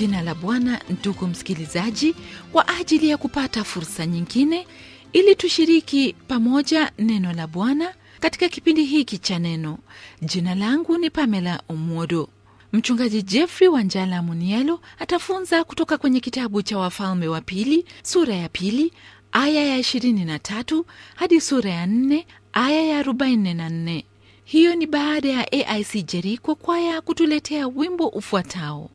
jina la Bwana, ndugu msikilizaji, kwa ajili ya kupata fursa nyingine ili tushiriki pamoja neno la Bwana katika kipindi hiki cha neno. Jina langu ni Pamela Omwodo. Mchungaji Jeffrey njala Munielo atafunza kutoka kwenye kitabu cha Wafalme wa Pili sura ya pili aya ya 23 hadi sura ya 4 aya ya 44. Hiyo ni baada ya AIC Jeriko kwaya kutuletea wimbo ufuatao.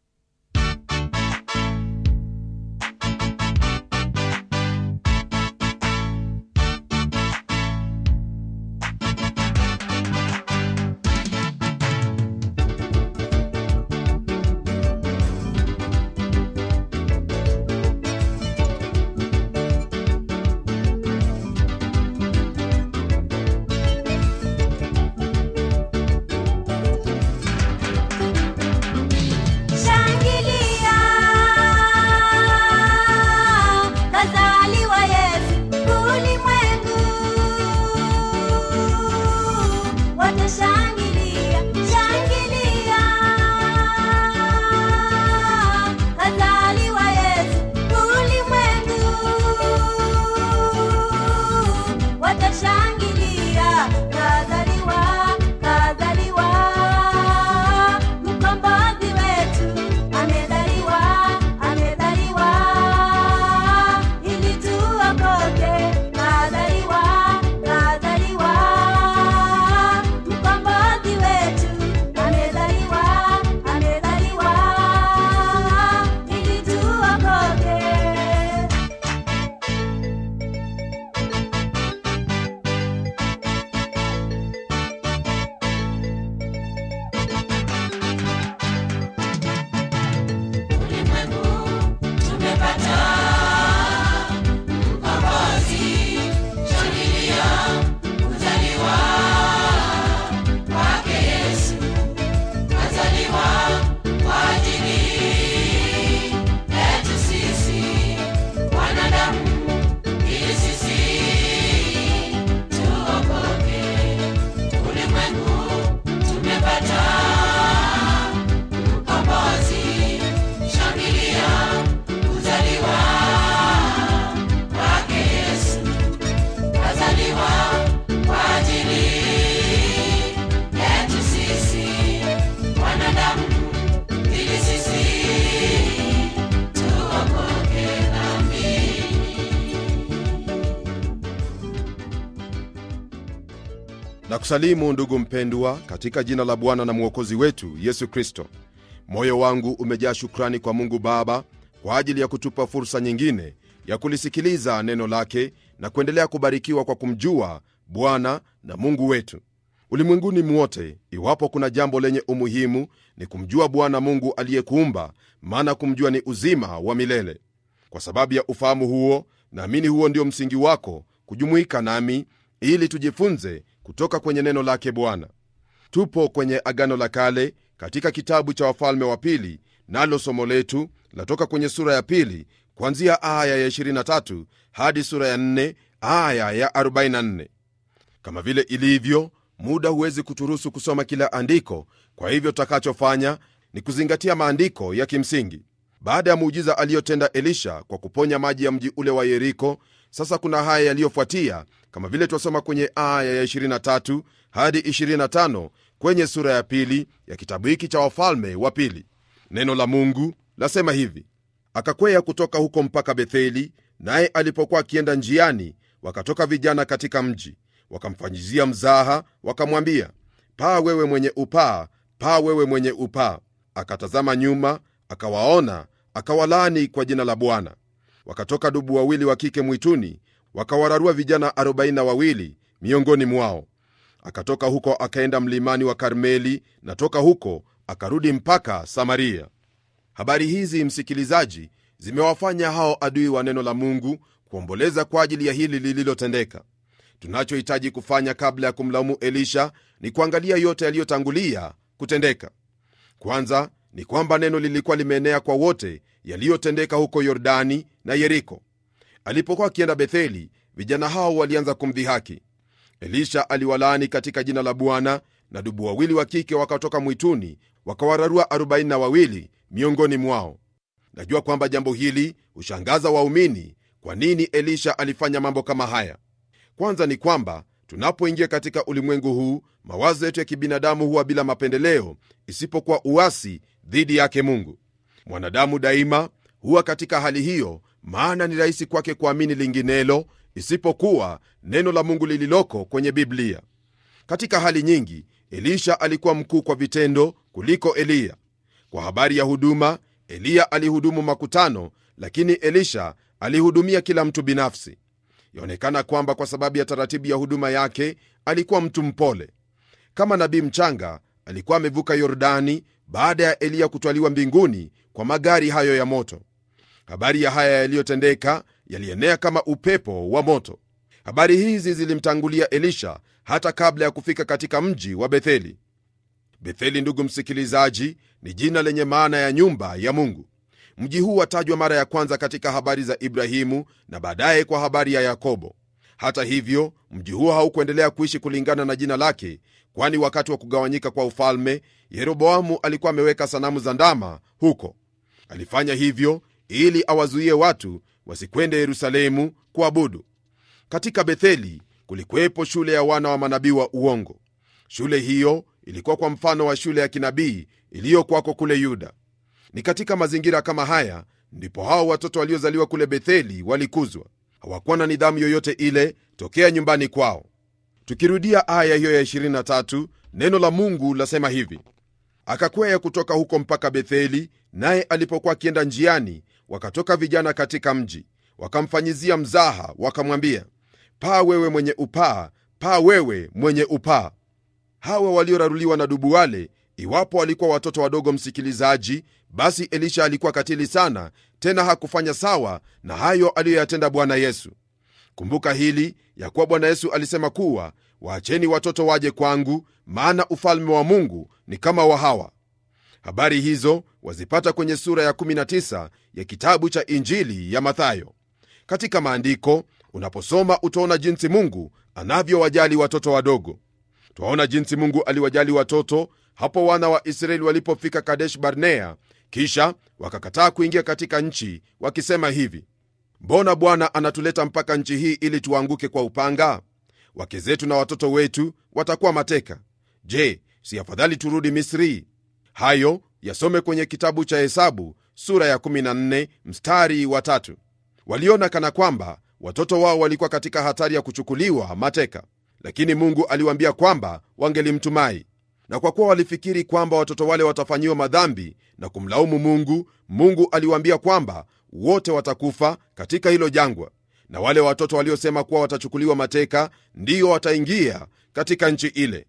kusalimu ndugu mpendwa katika jina la bwana na mwokozi wetu yesu kristo moyo wangu umejaa shukrani kwa mungu baba kwa ajili ya kutupa fursa nyingine ya kulisikiliza neno lake na kuendelea kubarikiwa kwa kumjua bwana na mungu wetu ulimwenguni mwote iwapo kuna jambo lenye umuhimu ni kumjua bwana mungu aliyekuumba maana kumjua ni uzima wa milele kwa sababu ya ufahamu huo naamini huo ndio msingi wako kujumuika nami ili tujifunze kutoka kwenye neno lake Bwana. Tupo kwenye Agano la Kale katika kitabu cha Wafalme wa Pili, nalo somo letu latoka kwenye sura ya pili kuanzia aya ya 23 hadi sura ya 4 aya ya 44. Kama vile ilivyo muda, huwezi kuturuhusu kusoma kila andiko. Kwa hivyo takachofanya ni kuzingatia maandiko ya kimsingi. Baada ya muujiza aliyotenda Elisha kwa kuponya maji ya mji ule wa Yeriko, sasa kuna haya yaliyofuatia, kama vile twasoma kwenye aya ya 23 hadi 25 kwenye sura ya pili ya kitabu hiki cha Wafalme wa Pili. Neno la Mungu lasema hivi: akakwea kutoka huko mpaka Betheli, naye alipokuwa akienda njiani, wakatoka vijana katika mji, wakamfanyizia mzaha, wakamwambia, paa wewe mwenye upaa, paa wewe mwenye upaa. Akatazama nyuma, akawaona, akawalani kwa jina la Bwana wakatoka dubu wawili wa kike mwituni, wakawararua vijana arobaini wawili miongoni mwao. Akatoka huko akaenda mlimani wa Karmeli, na toka huko akarudi mpaka Samaria. Habari hizi, msikilizaji, zimewafanya hao adui wa neno la Mungu kuomboleza kwa ajili ya hili lililotendeka. Tunachohitaji kufanya kabla ya kumlaumu Elisha ni kuangalia yote yaliyotangulia kutendeka. Kwanza ni kwamba neno lilikuwa limeenea kwa wote yaliyotendeka huko Yordani na Yeriko. Alipokuwa akienda Betheli, vijana hao walianza kumdhihaki. Elisha aliwalaani katika jina la Bwana, na dubu wawili wa kike wakatoka mwituni wakawararua arobaini wawili miongoni mwao. Najua kwamba jambo hili hushangaza waumini. Kwa nini Elisha alifanya mambo kama haya? Kwanza ni kwamba tunapoingia katika ulimwengu huu, mawazo yetu ya kibinadamu huwa bila mapendeleo, isipokuwa uasi dhidi yake Mungu. Mwanadamu daima huwa katika hali hiyo maana ni rahisi kwake kuamini linginelo isipokuwa neno la Mungu lililoko kwenye Biblia. Katika hali nyingi, Elisha alikuwa mkuu kwa vitendo kuliko Eliya. Kwa habari ya huduma, Eliya alihudumu makutano, lakini Elisha alihudumia kila mtu binafsi. Yaonekana kwamba kwa sababu ya taratibu ya huduma yake, alikuwa mtu mpole. Kama nabii mchanga, alikuwa amevuka Yordani baada ya Eliya kutwaliwa mbinguni kwa magari hayo ya moto. Habari ya haya yaliyotendeka yalienea kama upepo wa moto. Habari hizi zilimtangulia Elisha hata kabla ya kufika katika mji wa Betheli. Betheli, ndugu msikilizaji, ni jina lenye maana ya nyumba ya Mungu. Mji huu watajwa mara ya kwanza katika habari za Ibrahimu na baadaye kwa habari ya Yakobo. Hata hivyo, mji huo haukuendelea kuishi kulingana na jina lake, kwani wakati wa kugawanyika kwa ufalme, Yeroboamu alikuwa ameweka sanamu za ndama huko. Alifanya hivyo ili awazuie watu wasikwende Yerusalemu kuabudu. Katika Betheli kulikuwepo shule ya wana wa manabii wa uongo. Shule hiyo ilikuwa kwa mfano wa shule ya kinabii iliyokwako kule Yuda. Ni katika mazingira kama haya ndipo hao watoto waliozaliwa kule Betheli walikuzwa. Hawakuwa na nidhamu yoyote ile tokea nyumbani kwao. Tukirudia aya hiyo ya 23, neno la Mungu lasema hivi: akakwea kutoka huko mpaka Betheli, naye alipokuwa akienda njiani, wakatoka vijana katika mji, wakamfanyizia mzaha, wakamwambia, paa wewe mwenye upaa, paa wewe mwenye upaa. Hawa walioraruliwa na dubu wale, iwapo walikuwa watoto wadogo, msikilizaji, basi Elisha alikuwa katili sana, tena hakufanya sawa na hayo aliyoyatenda Bwana Yesu. Kumbuka hili ya kuwa Bwana Yesu alisema kuwa, waacheni watoto waje kwangu, maana ufalme wa Mungu ni kama wa hawa. Habari hizo wazipata kwenye sura ya 19 ya kitabu cha Injili ya Mathayo. Katika maandiko unaposoma utaona jinsi Mungu anavyowajali watoto wadogo. Twaona jinsi Mungu aliwajali watoto hapo wana wa Israeli walipofika Kadesh Barnea, kisha wakakataa kuingia katika nchi wakisema hivi, mbona Bwana anatuleta mpaka nchi hii ili tuanguke kwa upanga? Wake zetu na watoto wetu watakuwa mateka. Je, si afadhali turudi Misri? hayo yasome kwenye kitabu cha Hesabu sura ya 14 mstari wa tatu. Waliona kana kwamba watoto wao walikuwa katika hatari ya kuchukuliwa mateka, lakini Mungu aliwaambia kwamba wangelimtumai na kwa kuwa walifikiri kwamba watoto wale watafanyiwa madhambi na kumlaumu Mungu, Mungu aliwaambia kwamba wote watakufa katika hilo jangwa, na wale watoto waliosema kuwa watachukuliwa mateka ndiyo wataingia katika nchi ile.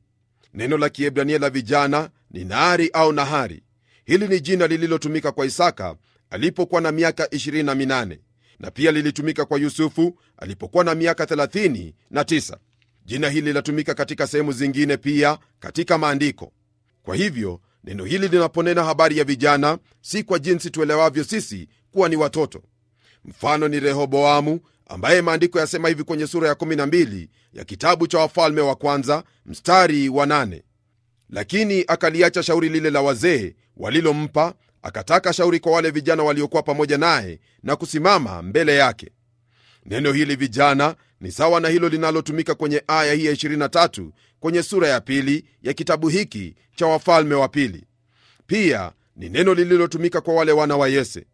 Neno la Kiebrania la vijana ni Naari au Nahari. Hili ni jina lililotumika kwa Isaka alipokuwa na miaka 28 na pia lilitumika kwa Yusufu alipokuwa na miaka 39. Jina hili linatumika katika sehemu zingine pia katika maandiko. Kwa hivyo neno hili linaponena habari ya vijana, si kwa jinsi tuelewavyo sisi kuwa ni watoto. Mfano ni Rehoboamu ambaye maandiko yasema hivi kwenye sura ya 12 ya kitabu cha Wafalme wa Kwanza mstari wa 8 lakini akaliacha shauri lile la wazee walilompa, akataka shauri kwa wale vijana waliokuwa pamoja naye na kusimama mbele yake. Neno hili vijana ni sawa na hilo linalotumika kwenye aya hii ya 23 kwenye sura ya pili ya kitabu hiki cha Wafalme wa Pili. Pia ni neno lililotumika kwa wale wana wa Yese.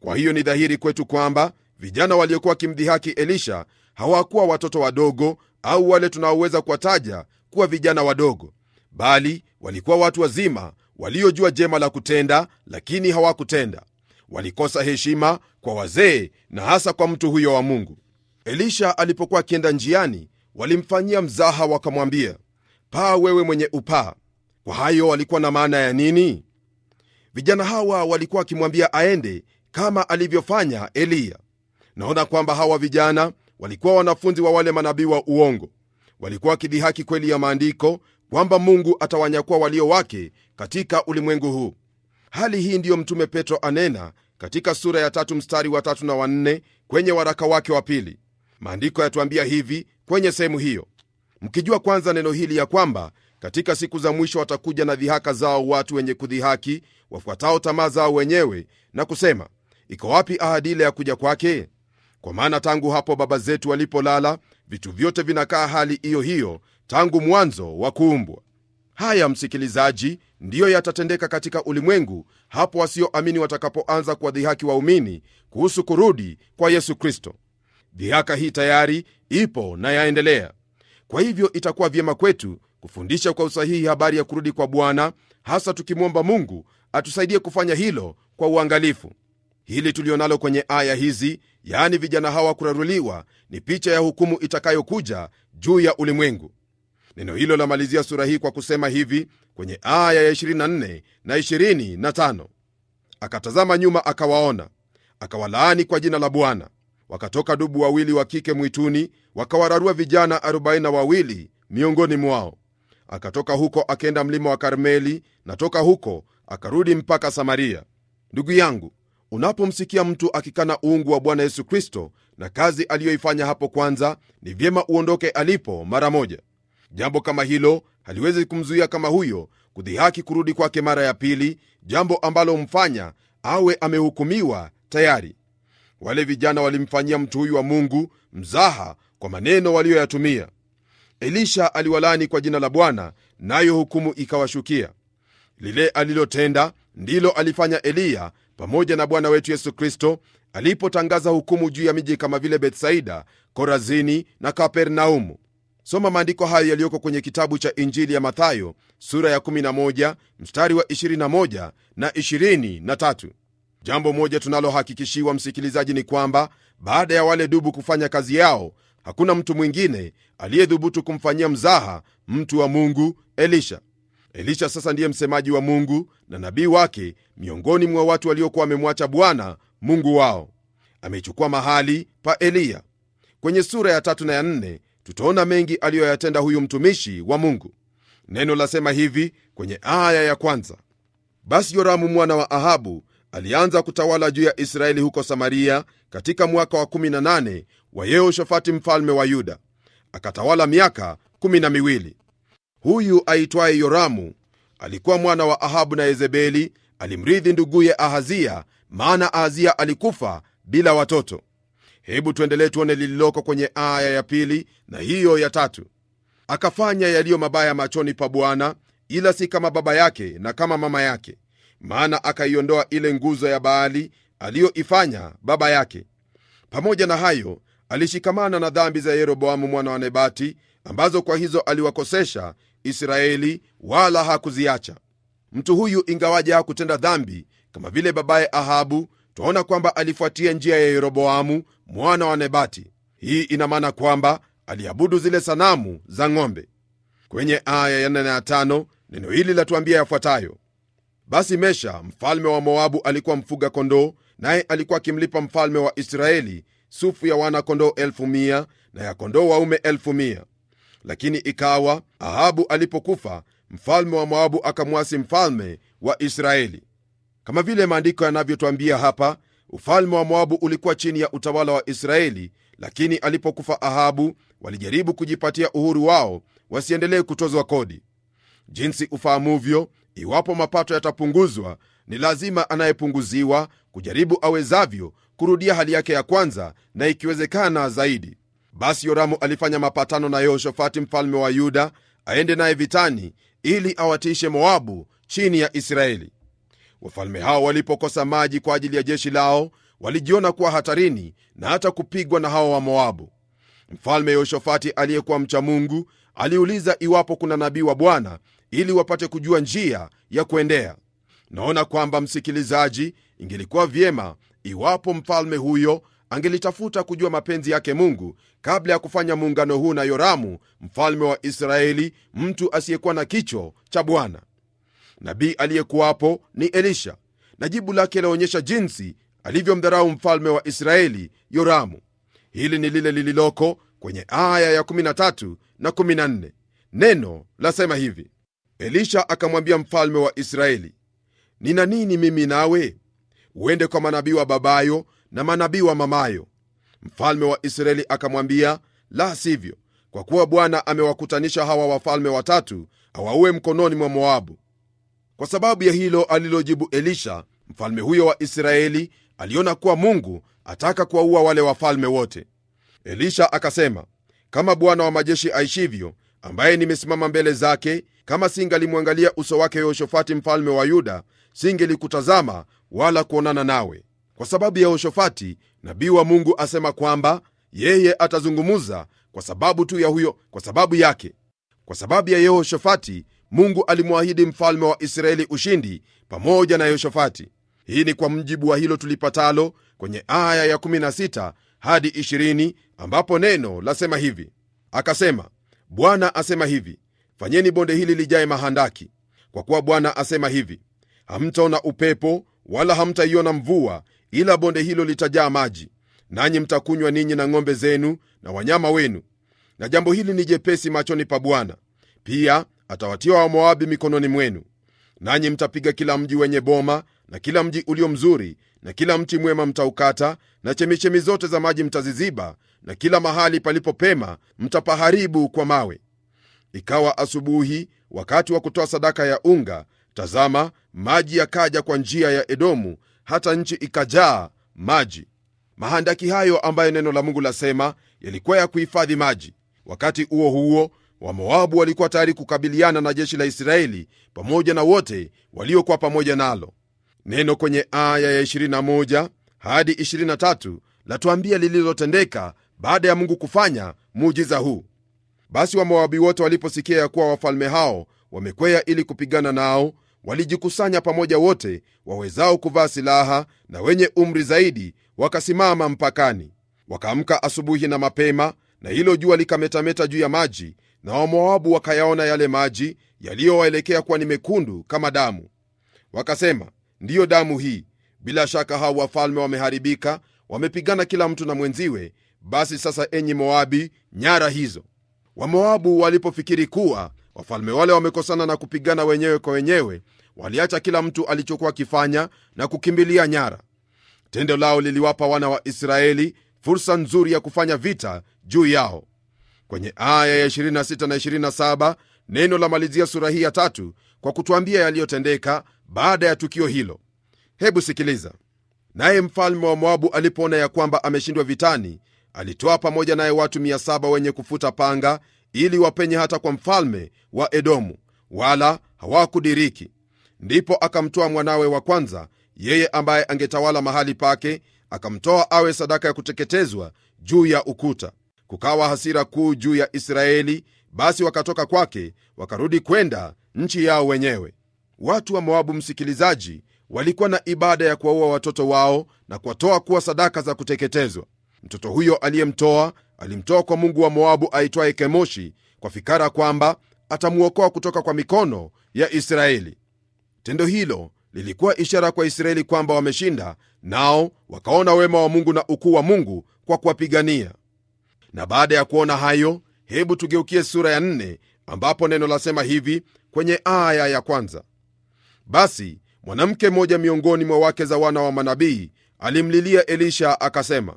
Kwa hiyo ni dhahiri kwetu kwamba vijana waliokuwa kimdhihaki Elisha hawakuwa watoto wadogo au wale tunaoweza kuwataja kuwa vijana wadogo, bali walikuwa watu wazima waliojua jema la kutenda, lakini hawakutenda. Walikosa heshima kwa wazee na hasa kwa mtu huyo wa Mungu. Elisha alipokuwa akienda njiani, walimfanyia mzaha, wakamwambia, paa wewe mwenye upaa. Kwa hayo walikuwa na maana ya nini? Vijana hawa walikuwa wakimwambia aende kama alivyofanya Eliya. Naona kwamba hawa vijana walikuwa wanafunzi wa wale manabii wa uongo. Walikuwa wakidhihaki kweli ya maandiko kwamba Mungu atawanyakua walio wake katika ulimwengu huu. Hali hii ndiyo Mtume Petro anena katika sura ya tatu mstari wa tatu na wanne kwenye waraka wake wa pili. Maandiko yatuambia hivi kwenye sehemu hiyo, mkijua kwanza neno hili ya kwamba katika siku za mwisho watakuja na dhihaka zao watu wenye kudhihaki, wafuatao tamaa zao wenyewe, na kusema, iko wapi ahadi ile ya kuja kwake? Kwa maana tangu hapo baba zetu walipolala, vitu vyote vinakaa hali iyo hiyo, tangu mwanzo wa kuumbwa. Haya msikilizaji, ndiyo yatatendeka katika ulimwengu hapo wasioamini watakapoanza kuwadhihaki waumini kuhusu kurudi kwa Yesu Kristo. Dhihaka hii tayari ipo na yaendelea. Kwa hivyo itakuwa vyema kwetu kufundisha kwa usahihi habari ya kurudi kwa Bwana, hasa tukimwomba Mungu atusaidie kufanya hilo kwa uangalifu. Hili tulionalo kwenye aya hizi, yaani vijana hawa kuraruliwa, ni picha ya hukumu itakayokuja juu ya ulimwengu. Neno hilo lamalizia sura hii kwa kusema hivi kwenye aya ya 24 na 25: akatazama nyuma akawaona, akawalaani kwa jina la Bwana. Wakatoka dubu wawili wa kike mwituni, wakawararua vijana arobaini wawili miongoni mwao. Akatoka huko akenda mlima wa Karmeli, na toka huko akarudi mpaka Samaria. Ndugu yangu, unapomsikia mtu akikana uungu wa Bwana Yesu Kristo na kazi aliyoifanya hapo kwanza, ni vyema uondoke alipo mara moja. Jambo kama hilo haliwezi kumzuia kama huyo kudhihaki kurudi kwake mara ya pili, jambo ambalo mfanya awe amehukumiwa tayari. Wale vijana walimfanyia mtu huyu wa Mungu mzaha kwa maneno waliyoyatumia. Elisha aliwalani kwa jina la Bwana, nayo hukumu ikawashukia. Lile alilotenda ndilo alifanya Eliya pamoja na Bwana wetu Yesu Kristo alipotangaza hukumu juu ya miji kama vile Betsaida, Korazini na Kapernaumu soma maandiko hayo yaliyoko kwenye kitabu cha injili ya mathayo sura ya 11 mstari wa 21 na 23 jambo moja tunalohakikishiwa msikilizaji ni kwamba baada ya wale dubu kufanya kazi yao hakuna mtu mwingine aliyedhubutu kumfanyia mzaha mtu wa mungu elisha elisha sasa ndiye msemaji wa mungu na nabii wake miongoni mwa watu waliokuwa wamemwacha bwana mungu wao amechukua mahali pa eliya kwenye sura ya tatu na ya nne tutaona mengi aliyoyatenda huyu mtumishi wa Mungu. Neno lasema hivi kwenye aya ya kwanza: basi Yoramu mwana wa Ahabu alianza kutawala juu ya Israeli huko Samaria katika mwaka wa 18 wa Yehoshafati mfalme wa Yuda, akatawala miaka 12 Huyu aitwaye Yoramu alikuwa mwana wa Ahabu na Yezebeli, alimrithi nduguye Ahazia, maana Ahazia alikufa bila watoto. Hebu tuendelee tuone lililoko kwenye aya ya pili na hiyo ya tatu. Akafanya yaliyo mabaya machoni pa Bwana, ila si kama baba yake na kama mama yake, maana akaiondoa ile nguzo ya Baali aliyoifanya baba yake. Pamoja na hayo, alishikamana na dhambi za Yeroboamu mwana wa Nebati, ambazo kwa hizo aliwakosesha Israeli, wala hakuziacha. Mtu huyu ingawaja hakutenda dhambi kama vile babaye Ahabu, twaona kwamba alifuatia njia ya Yeroboamu mwana wa Nebati. Hii ina maana kwamba aliabudu zile sanamu za ng'ombe. Kwenye aya ya 4 na 5 neno hili latuambia yafuatayo: basi Mesha mfalme wa Moabu alikuwa mfuga kondoo, naye alikuwa akimlipa mfalme wa Israeli sufu ya wana kondoo elfu mia na ya kondoo waume elfu mia. Lakini ikawa Ahabu alipokufa, mfalme wa Moabu akamwasi mfalme wa Israeli. Kama vile maandiko yanavyotwambia hapa, Ufalme wa Moabu ulikuwa chini ya utawala wa Israeli, lakini alipokufa Ahabu walijaribu kujipatia uhuru wao wasiendelee kutozwa kodi. Jinsi ufahamuvyo, iwapo mapato yatapunguzwa, ni lazima anayepunguziwa kujaribu awezavyo kurudia hali yake ya kwanza na ikiwezekana zaidi. Basi Yoramu alifanya mapatano na Yehoshafati mfalme wa Yuda aende naye vitani ili awatiishe Moabu chini ya Israeli. Wafalme hao walipokosa maji kwa ajili ya jeshi lao, walijiona kuwa hatarini na hata kupigwa na hawa wa Moabu. Mfalme Yehoshafati aliyekuwa mcha Mungu aliuliza iwapo kuna nabii wa Bwana ili wapate kujua njia ya kuendea. Naona kwamba msikilizaji, ingelikuwa vyema iwapo mfalme huyo angelitafuta kujua mapenzi yake Mungu kabla ya kufanya muungano huu na Yoramu mfalme wa Israeli, mtu asiyekuwa na kicho cha Bwana nabii aliyekuwapo ni Elisha, na jibu lake laonyesha jinsi alivyomdharau mfalme wa Israeli Yoramu. Hili ni lile lililoko kwenye aya ya 13 na 14. Neno lasema hivi: Elisha akamwambia mfalme wa Israeli, nina nini mimi nawe? Uende kwa manabii wa babayo na manabii wa mamayo. Mfalme wa Israeli akamwambia, la sivyo, kwa kuwa Bwana amewakutanisha hawa wafalme watatu awaue mkononi mwa Moabu kwa sababu ya hilo alilojibu elisha mfalme huyo wa israeli aliona kuwa mungu ataka kuwaua wale wafalme wote elisha akasema kama bwana wa majeshi aishivyo ambaye nimesimama mbele zake kama singalimwangalia uso wake yehoshofati mfalme wa yuda singelikutazama wala kuonana nawe kwa sababu yehoshofati nabii wa mungu asema kwamba yeye atazungumuza kwa sababu tu ya huyo kwa sababu yake kwa sababu ya yehoshofati Mungu alimwahidi mfalme wa Israeli ushindi pamoja na Yehoshafati. Hii ni kwa mjibu wa hilo tulipatalo kwenye aya ya 16 hadi 20, ambapo neno lasema hivi: akasema Bwana asema hivi, fanyeni bonde hili lijae mahandaki, kwa kuwa Bwana asema hivi, hamtaona upepo wala hamtaiona mvua, ila bonde hilo litajaa maji, nanyi mtakunywa ninyi na ng'ombe zenu na wanyama wenu, na jambo hili ni jepesi machoni pa Bwana. Pia atawatia Wamoabi mikononi mwenu, nanyi mtapiga kila mji wenye boma na kila mji ulio mzuri na kila mti mwema mtaukata, na chemichemi zote za maji mtaziziba, na kila mahali palipopema mtapaharibu kwa mawe. Ikawa asubuhi, wakati wa kutoa sadaka ya unga, tazama, maji yakaja kwa njia ya Edomu, hata nchi ikajaa maji. Mahandaki hayo ambayo neno la Mungu lasema yalikuwa ya kuhifadhi maji. Wakati huo huo, Wamoabu walikuwa tayari kukabiliana na jeshi la Israeli pamoja na wote waliokuwa pamoja nalo. Neno kwenye aya ya 21 hadi 23 latuambia lililotendeka baada ya Mungu kufanya muujiza huu. Basi Wamoabi wote waliposikia ya kuwa wafalme hao wamekwea ili kupigana nao, walijikusanya pamoja wote wawezao kuvaa silaha na wenye umri zaidi, wakasimama mpakani. Wakaamka asubuhi na mapema, na hilo jua likametameta juu ya maji, na Wamoabu wakayaona yale maji yaliyowaelekea kuwa ni mekundu kama damu, wakasema, ndiyo damu hii. Bila shaka hao wafalme wameharibika, wamepigana kila mtu na mwenziwe. Basi sasa, enyi Moabi, nyara hizo! Wamoabu walipofikiri kuwa wafalme wale wamekosana na kupigana wenyewe kwa wenyewe, waliacha kila mtu alichokuwa akifanya na kukimbilia nyara. Tendo lao liliwapa wana wa Israeli fursa nzuri ya kufanya vita juu yao kwenye aya ya 26 na 27, neno la malizia sura hii ya tatu kwa kutwambia yaliyotendeka baada ya tukio hilo. Hebu sikiliza. Naye mfalme wa Moabu alipoona ya kwamba ameshindwa vitani, alitoa pamoja naye watu 7 wenye kufuta panga ili wapenye hata kwa mfalme wa Edomu, wala hawakudiriki. Ndipo akamtoa mwanawe wa kwanza, yeye ambaye angetawala mahali pake, akamtoa awe sadaka ya kuteketezwa juu ya ukuta kukawa hasira kuu juu ya Israeli, basi wakatoka kwake wakarudi kwenda nchi yao wenyewe. Watu wa Moabu, msikilizaji, walikuwa na ibada ya kuwaua watoto wao na kuwatoa kuwa sadaka za kuteketezwa. Mtoto huyo aliyemtoa alimtoa kwa mungu wa Moabu aitwaye Kemoshi kwa fikara kwamba atamwokoa kutoka kwa mikono ya Israeli. Tendo hilo lilikuwa ishara kwa Israeli kwamba wameshinda, nao wakaona wema wa Mungu na ukuu wa Mungu kwa kuwapigania. Na baada ya kuona hayo, hebu tugeukie sura ya nne, ambapo neno lasema hivi kwenye aya ya kwanza: basi mwanamke mmoja miongoni mwa wake za wana wa manabii alimlilia Elisha akasema,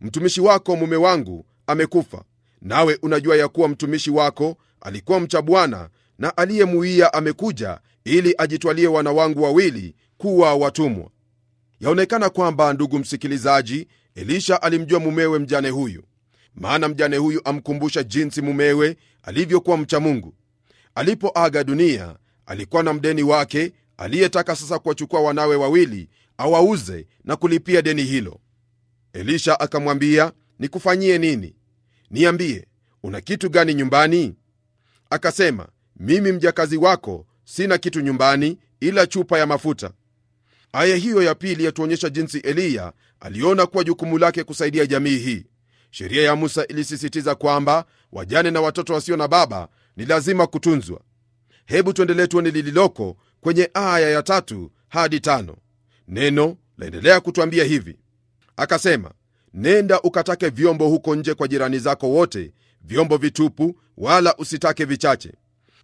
mtumishi wako mume wangu amekufa, nawe unajua ya kuwa mtumishi wako alikuwa mcha Bwana na aliyemuia amekuja ili ajitwalie wana wangu wawili kuwa watumwa. Yaonekana kwamba, ndugu msikilizaji, Elisha alimjua mumewe mjane huyu maana mjane huyu amkumbusha jinsi mumewe alivyokuwa mcha Mungu. Alipoaga dunia, alikuwa na mdeni wake aliyetaka sasa kuwachukua wanawe wawili awauze na kulipia deni hilo. Elisha akamwambia, nikufanyie nini? Niambie, una kitu gani nyumbani? Akasema, mimi mjakazi wako sina kitu nyumbani ila chupa ya mafuta. Aya hiyo ya pili yatuonyesha jinsi Eliya aliona kuwa jukumu lake kusaidia jamii hii. Sheria ya Musa ilisisitiza kwamba wajane na watoto wasio na baba ni lazima kutunzwa. Hebu tuendelee tuone lililoko kwenye aya ya tatu hadi tano. Neno laendelea kutwambia hivi, akasema, nenda ukatake vyombo huko nje kwa jirani zako wote, vyombo vitupu, wala usitake vichache.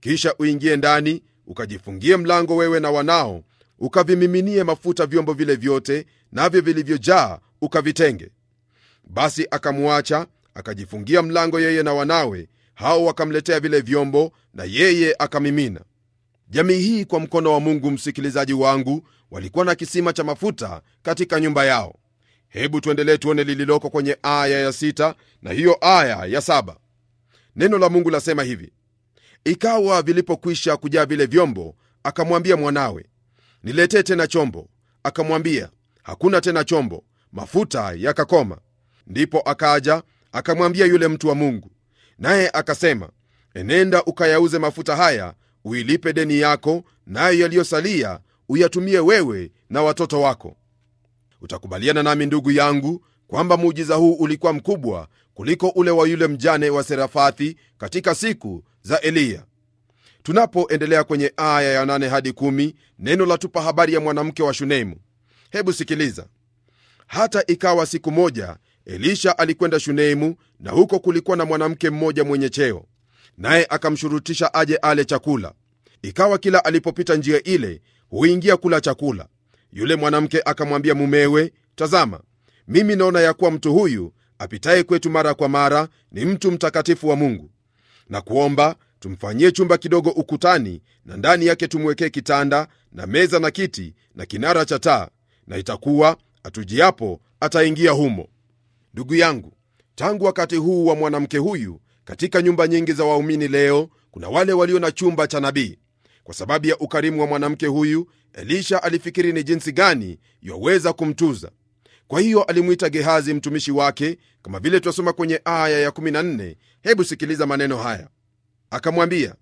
Kisha uingie ndani ukajifungie mlango, wewe na wanao, ukavimiminie mafuta vyombo vile vyote, navyo vilivyojaa ukavitenge. Basi akamwacha akajifungia mlango, yeye na wanawe hao wakamletea vile vyombo, na yeye akamimina. Jamii hii kwa mkono wa Mungu, msikilizaji wangu, walikuwa na kisima cha mafuta katika nyumba yao. Hebu tuendelee tuone lililoko kwenye aya ya sita na hiyo aya ya saba. Neno la Mungu lasema hivi: ikawa vilipokwisha kujaa vile vyombo, akamwambia mwanawe, niletee tena chombo. Akamwambia, hakuna tena chombo. Mafuta yakakoma. Ndipo akaja akamwambia yule mtu wa Mungu, naye akasema, enenda ukayauze mafuta haya uilipe deni yako, nayo yaliyosalia uyatumie wewe na watoto wako. Utakubaliana nami ndugu yangu kwamba muujiza huu ulikuwa mkubwa kuliko ule wa yule mjane wa Serafathi katika siku za Eliya. Tunapoendelea kwenye aya ya 8 hadi 1 neno latupa habari ya mwanamke wa Shunemu. Hebu sikiliza. Hata ikawa siku moja Elisha alikwenda Shuneimu, na huko kulikuwa na mwanamke mmoja mwenye cheo, naye akamshurutisha aje ale chakula. Ikawa kila alipopita njia ile huingia kula chakula. Yule mwanamke akamwambia mumewe, tazama, mimi naona ya kuwa mtu huyu apitaye kwetu mara kwa mara ni mtu mtakatifu wa Mungu, na kuomba tumfanyie chumba kidogo ukutani, na ndani yake tumwekee kitanda na meza na kiti na kinara cha taa, na itakuwa atujiapo ataingia humo. Ndugu yangu, tangu wakati huu wa mwanamke huyu, katika nyumba nyingi za waumini leo kuna wale walio na chumba cha nabii. Kwa sababu ya ukarimu wa mwanamke huyu, Elisha alifikiri ni jinsi gani yaweza kumtuza. Kwa hiyo alimwita Gehazi mtumishi wake, kama vile twasoma kwenye aya ya 14. Hebu sikiliza maneno haya. Akamwambia,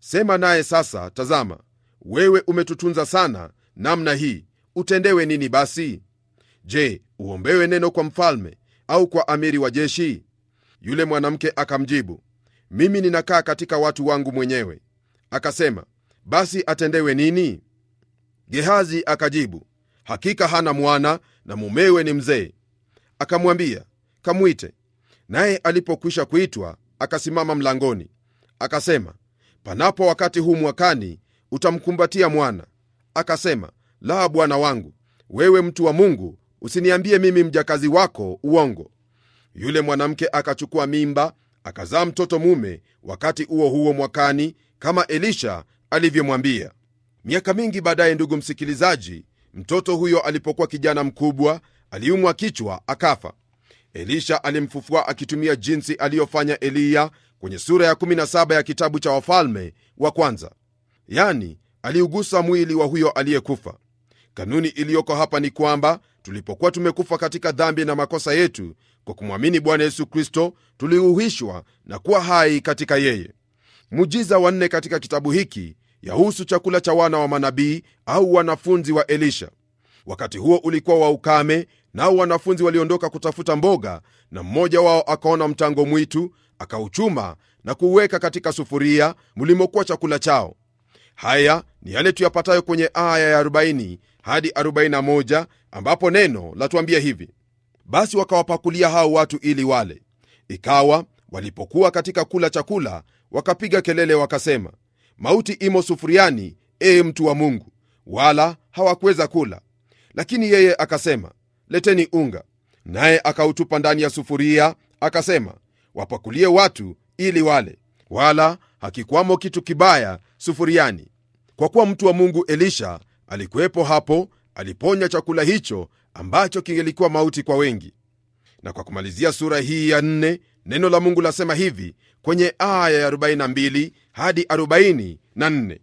sema naye sasa. Tazama, wewe umetutunza sana namna hii, utendewe nini basi? Je, uombewe neno kwa mfalme au kwa amiri wa jeshi? Yule mwanamke akamjibu, mimi ninakaa katika watu wangu mwenyewe. Akasema, basi atendewe nini? Gehazi akajibu, hakika hana mwana na mumewe ni mzee. Akamwambia, kamwite. Naye alipokwisha kuitwa, akasimama mlangoni. Akasema, panapo wakati huu mwakani utamkumbatia mwana. Akasema, la, bwana wangu, wewe mtu wa Mungu, usiniambie mimi mjakazi wako uongo. Yule mwanamke akachukua mimba akazaa mtoto mume wakati huo huo mwakani, kama Elisha alivyomwambia. Miaka mingi baadaye, ndugu msikilizaji, mtoto huyo alipokuwa kijana mkubwa aliumwa kichwa akafa. Elisha alimfufua akitumia jinsi aliyofanya Eliya kwenye sura ya 17 ya kitabu cha Wafalme wa Kwanza, yani aliugusa mwili wa huyo aliyekufa. Kanuni iliyoko hapa ni kwamba tulipokuwa tumekufa katika dhambi na makosa yetu, kwa kumwamini Bwana Yesu Kristo tuliuhishwa na kuwa hai katika yeye. Mujiza wanne katika kitabu hiki yahusu chakula cha wana wa manabii au wanafunzi wa Elisha. Wakati huo ulikuwa wa ukame, nao wanafunzi waliondoka kutafuta mboga, na mmoja wao akaona mtango mwitu, akauchuma na kuuweka katika sufuria mlimokuwa chakula chao. Haya ni yale tuyapatayo kwenye aya ya hadi 41 ambapo neno latuambia hivi: basi wakawapakulia hao watu ili wale. Ikawa walipokuwa katika kula chakula, wakapiga kelele wakasema, mauti imo sufuriani, ee mtu wa Mungu, wala hawakuweza kula. Lakini yeye akasema, leteni unga. Naye akautupa ndani ya sufuria, akasema, wapakulie watu ili wale, wala hakikwamo kitu kibaya sufuriani. Kwa kuwa mtu wa Mungu Elisha alikuwepo hapo, aliponya chakula hicho ambacho kingelikuwa mauti kwa wengi. Na kwa kumalizia sura hii ya nne, neno la Mungu lasema hivi kwenye aya ya 42 hadi 44: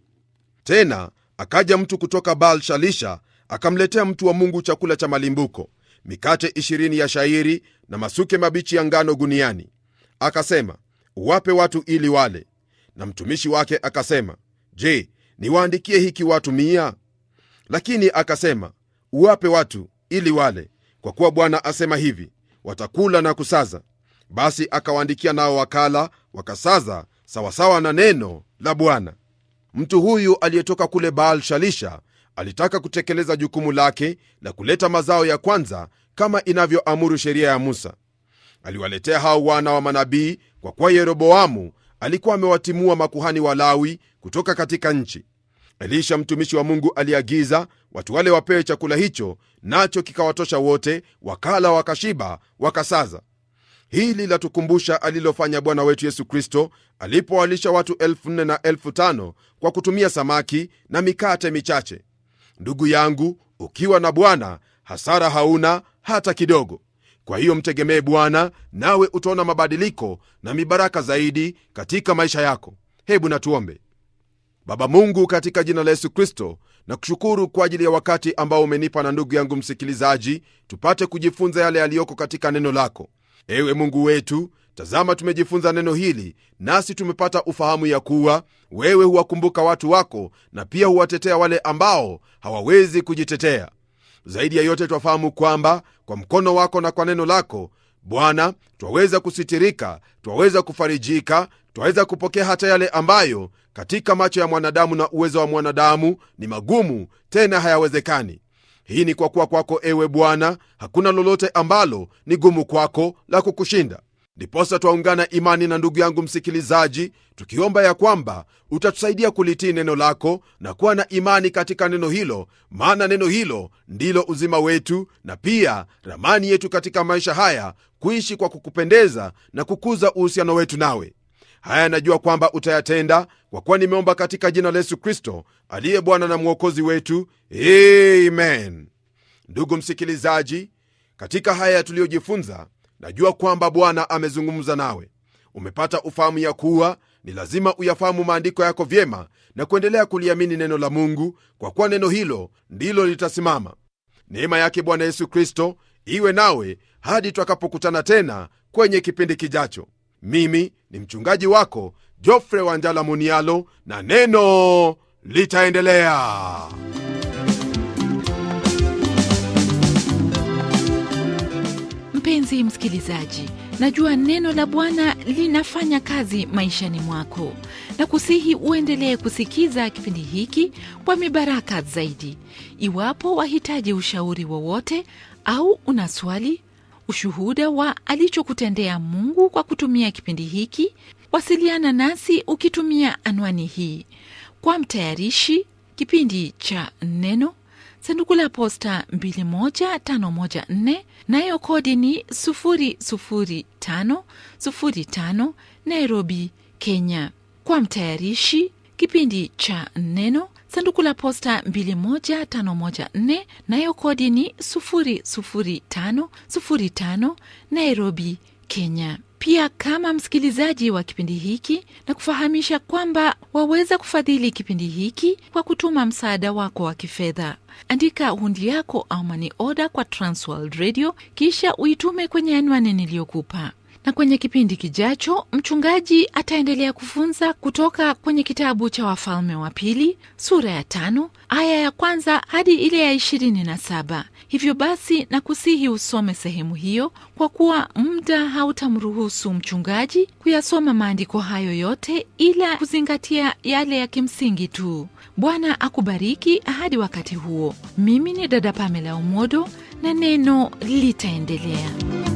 tena akaja mtu kutoka Baal Shalisha akamletea mtu wa Mungu chakula cha malimbuko, mikate ishirini ya shairi na masuke mabichi ya ngano guniani, akasema uwape watu ili wale. Na mtumishi wake akasema, je, niwaandikie hiki watu mia? lakini akasema uwape watu ili wale kwa kuwa bwana asema hivi watakula na kusaza basi akawaandikia nao wakala wakasaza sawasawa na neno la bwana mtu huyu aliyetoka kule baal shalisha alitaka kutekeleza jukumu lake la kuleta mazao ya kwanza kama inavyoamuru sheria ya musa aliwaletea hao wana wa manabii kwa kuwa yeroboamu alikuwa amewatimua makuhani wa lawi kutoka katika nchi Elisha mtumishi wa Mungu aliagiza watu wale wapewe chakula hicho, nacho kikawatosha wote, wakala wakashiba, wakasaza. Hili latukumbusha alilofanya Bwana wetu Yesu Kristo alipowalisha watu 45 na kwa kutumia samaki na mikate michache. Ndugu yangu, ukiwa na Bwana hasara hauna hata kidogo. Kwa hiyo mtegemee Bwana nawe utaona mabadiliko na mibaraka zaidi katika maisha yako. Hebu natuombe. Baba Mungu, katika jina la Yesu Kristo, nakushukuru kwa ajili ya wakati ambao umenipa na ndugu yangu msikilizaji, tupate kujifunza yale yaliyoko katika neno lako. Ewe Mungu wetu, tazama, tumejifunza neno hili, nasi tumepata ufahamu ya kuwa wewe huwakumbuka watu wako na pia huwatetea wale ambao hawawezi kujitetea. Zaidi ya yote, twafahamu kwamba kwa mkono wako na kwa neno lako Bwana, twaweza kusitirika, twaweza kufarijika, twaweza kupokea hata yale ambayo katika macho ya mwanadamu na uwezo wa mwanadamu ni magumu, tena hayawezekani. Hii ni kwa kuwa kwako, ewe Bwana, hakuna lolote ambalo ni gumu kwako la kukushinda. Ndiposa twaungana imani na ndugu yangu msikilizaji, tukiomba ya kwamba utatusaidia kulitii neno lako na kuwa na imani katika neno hilo, maana neno hilo ndilo uzima wetu na pia ramani yetu katika maisha haya, kuishi kwa kukupendeza na kukuza uhusiano wetu nawe. Haya najua kwamba utayatenda, kwa kuwa nimeomba katika jina la Yesu Kristo aliye Bwana na Mwokozi wetu, amen. Ndugu msikilizaji, katika haya tuliyojifunza, najua kwamba Bwana amezungumza nawe. Umepata ufahamu ya kuwa ni lazima uyafahamu maandiko yako vyema na kuendelea kuliamini neno la Mungu, kwa kuwa neno hilo ndilo litasimama. Neema yake Bwana Yesu Kristo iwe nawe hadi twakapokutana tena kwenye kipindi kijacho. Mimi ni mchungaji wako Jofre Wanjala Munialo, na neno litaendelea. Mpenzi msikilizaji, najua neno la Bwana linafanya kazi maishani mwako, na kusihi uendelee kusikiza kipindi hiki kwa mibaraka zaidi. Iwapo wahitaji ushauri wowote au una swali ushuhuda wa alichokutendea Mungu kwa kutumia kipindi hiki, wasiliana nasi ukitumia anwani hii kwa mtayarishi kipindi cha Neno, sanduku la posta 21514 nayo kodi ni 00505 Nairobi, Kenya. Kwa mtayarishi kipindi cha Neno, sanduku la posta 21514 nayo kodi ni 00505 Nairobi, Kenya. Pia kama msikilizaji wa kipindi hiki na kufahamisha kwamba waweza kufadhili kipindi hiki kwa kutuma msaada wako wa kifedha. Andika hundi yako au mani oda kwa Transworld Radio, kisha uitume kwenye anwani niliyokupa na kwenye kipindi kijacho mchungaji ataendelea kufunza kutoka kwenye kitabu cha Wafalme wa Pili sura ya tano aya ya kwanza hadi ile ya ishirini na saba. Hivyo basi nakusihi usome sehemu hiyo, kwa kuwa muda hautamruhusu mchungaji kuyasoma maandiko hayo yote, ila kuzingatia yale ya kimsingi tu. Bwana akubariki hadi wakati huo. Mimi ni dada Pamela umodo na neno litaendelea.